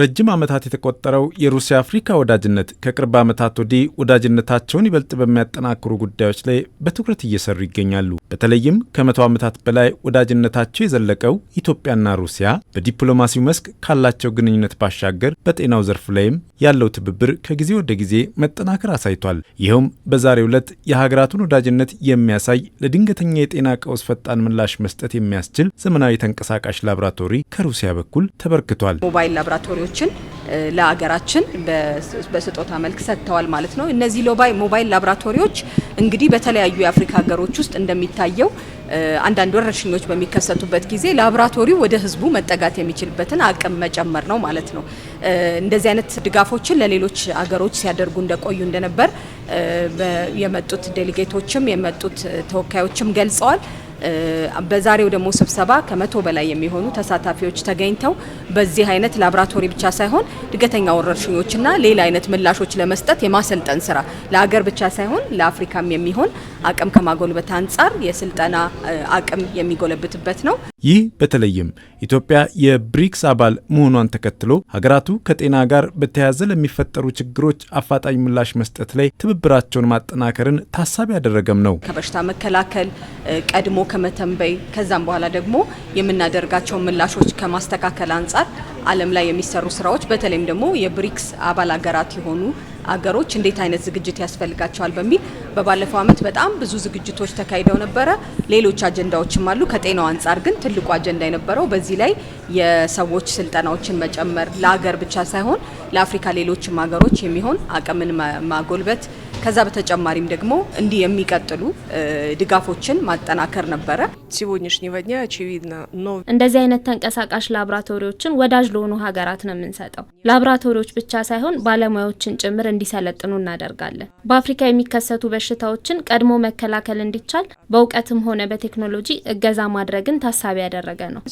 ረጅም ዓመታት የተቆጠረው የሩሲያ አፍሪካ ወዳጅነት ከቅርብ ዓመታት ወዲህ ወዳጅነታቸውን ይበልጥ በሚያጠናክሩ ጉዳዮች ላይ በትኩረት እየሰሩ ይገኛሉ። በተለይም ከመቶ ዓመታት በላይ ወዳጅነታቸው የዘለቀው ኢትዮጵያና ሩሲያ በዲፕሎማሲው መስክ ካላቸው ግንኙነት ባሻገር በጤናው ዘርፍ ላይም ያለው ትብብር ከጊዜ ወደ ጊዜ መጠናከር አሳይቷል። ይኸውም በዛሬው ዕለት የሀገራቱን ወዳጅነት የሚያሳይ ለድንገተኛ የጤና ቀውስ ፈጣን ምላሽ መስጠት የሚያስችል ዘመናዊ ተንቀሳቃሽ ላብራቶሪ ከሩሲያ በኩል ተበርክቷል። ሞባይል ላብራቶሪ ሞባይሎችን ለአገራችን በስጦታ መልክ ሰጥተዋል ማለት ነው። እነዚህ ሞባይል ላብራቶሪዎች እንግዲህ በተለያዩ የአፍሪካ ሀገሮች ውስጥ እንደሚታየው አንዳንድ ወረርሽኞች በሚከሰቱበት ጊዜ ላብራቶሪው ወደ ህዝቡ መጠጋት የሚችልበትን አቅም መጨመር ነው ማለት ነው። እንደዚህ አይነት ድጋፎችን ለሌሎች አገሮች ሲያደርጉ እንደቆዩ እንደነበር የመጡት ዴሊጌቶችም የመጡት ተወካዮችም ገልጸዋል። በዛሬው ደግሞ ስብሰባ ከመቶ በላይ የሚሆኑ ተሳታፊዎች ተገኝተው በዚህ አይነት ላብራቶሪ ብቻ ሳይሆን ድገተኛ ወረርሽኞችና ሌላ አይነት ምላሾች ለመስጠት የማሰልጠን ስራ ለሀገር ብቻ ሳይሆን ለአፍሪካም የሚሆን አቅም ከማጎልበት አንጻር የስልጠና አቅም የሚጎለብትበት ነው። ይህ በተለይም ኢትዮጵያ የብሪክስ አባል መሆኗን ተከትሎ ሀገራቱ ከጤና ጋር በተያያዘ ለሚፈጠሩ ችግሮች አፋጣኝ ምላሽ መስጠት ላይ ትብብራቸውን ማጠናከርን ታሳቢ ያደረገም ነው። ከበሽታ መከላከል ቀድሞ ከመተንበይ ከዛም በኋላ ደግሞ የምናደርጋቸውን ምላሾች ከማስተካከል አንጻር ዓለም ላይ የሚሰሩ ስራዎች በተለይም ደግሞ የብሪክስ አባል ሀገራት የሆኑ አገሮች እንዴት አይነት ዝግጅት ያስፈልጋቸዋል በሚል በባለፈው ዓመት በጣም ብዙ ዝግጅቶች ተካሂደው ነበረ። ሌሎች አጀንዳዎችም አሉ። ከጤናው አንጻር ግን ትልቁ አጀንዳ የነበረው በዚህ ላይ የሰዎች ስልጠናዎችን መጨመር ለሀገር ብቻ ሳይሆን ለአፍሪካ ሌሎችም ሀገሮች የሚሆን አቅምን ማጎልበት ከዛ በተጨማሪም ደግሞ እንዲህ የሚቀጥሉ ድጋፎችን ማጠናከር ነበረ። እንደዚህ አይነት ተንቀሳቃሽ ላብራቶሪዎችን ወዳጅ ለሆኑ ሀገራት ነው የምንሰጠው። ላብራቶሪዎች ብቻ ሳይሆን ባለሙያዎችን ጭምር እንዲሰለጥኑ እናደርጋለን። በአፍሪካ የሚከሰቱ በሽታዎችን ቀድሞ መከላከል እንዲቻል በእውቀትም ሆነ በቴክኖሎጂ እገዛ ማድረግን ታሳቢ ያደረገ ነው።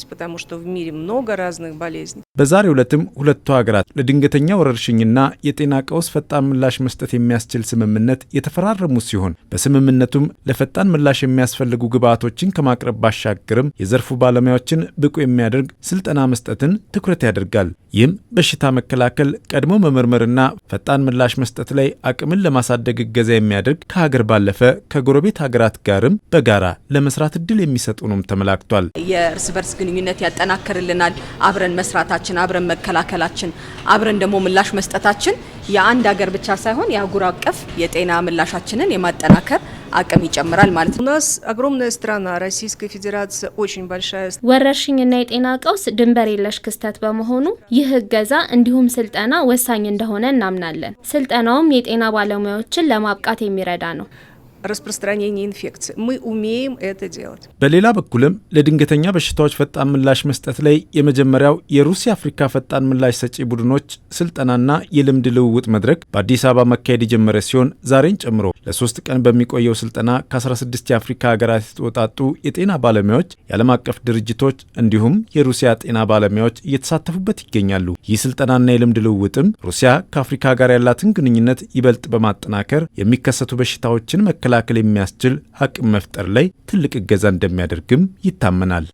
በዛሬ ዕለትም ሁለቱ ሀገራት ለድንገተኛ ወረርሽኝና የጤና ቀውስ ፈጣን ምላሽ መስጠት የሚያስችል ስምምነት ስምምነት የተፈራረሙ ሲሆን በስምምነቱም ለፈጣን ምላሽ የሚያስፈልጉ ግብዓቶችን ከማቅረብ ባሻገርም የዘርፉ ባለሙያዎችን ብቁ የሚያደርግ ስልጠና መስጠትን ትኩረት ያደርጋል። ይህም በሽታ መከላከል፣ ቀድሞ መመርመርና ፈጣን ምላሽ መስጠት ላይ አቅምን ለማሳደግ እገዛ የሚያደርግ ከሀገር ባለፈ ከጎረቤት ሀገራት ጋርም በጋራ ለመስራት እድል የሚሰጡ ተመላክቷል። የእርስ በርስ ግንኙነት ያጠናክርልናል። አብረን መስራታችን፣ አብረን መከላከላችን፣ አብረን ደግሞ ምላሽ መስጠታችን የአንድ ሀገር ብቻ ሳይሆን የአህጉር አቀፍ የጤና ምላሻችንን የማጠናከር አቅም ይጨምራል ማለት ነው። ናስ огромная страна Российская Федерация очень большая ወረርሽኝና የጤና ቀውስ ድንበር የለሽ ክስተት በመሆኑ ይህ እገዛ እንዲሁም ስልጠና ወሳኝ እንደሆነ እናምናለን። ስልጠናውም የጤና ባለሙያዎችን ለማብቃት የሚረዳ ነው። распространения инфекции. Мы умеем это делать። በሌላ በኩልም ለድንገተኛ በሽታዎች ፈጣን ምላሽ መስጠት ላይ የመጀመሪያው የሩሲያ አፍሪካ ፈጣን ምላሽ ሰጪ ቡድኖች ስልጠናና የልምድ ልውውጥ መድረክ በአዲስ አበባ መካሄድ የጀመረ ሲሆን ዛሬን ጨምሮ ለሶስት ቀን በሚቆየው ስልጠና ከ16 የአፍሪካ ሀገራት የተወጣጡ የጤና ባለሙያዎች፣ የዓለም አቀፍ ድርጅቶች እንዲሁም የሩሲያ ጤና ባለሙያዎች እየተሳተፉበት ይገኛሉ። ይህ ስልጠናና የልምድ ልውውጥም ሩሲያ ከአፍሪካ ጋር ያላትን ግንኙነት ይበልጥ በማጠናከር የሚከሰቱ በሽታዎችን መከ ለመከላከል የሚያስችል አቅም መፍጠር ላይ ትልቅ እገዛ እንደሚያደርግም ይታመናል።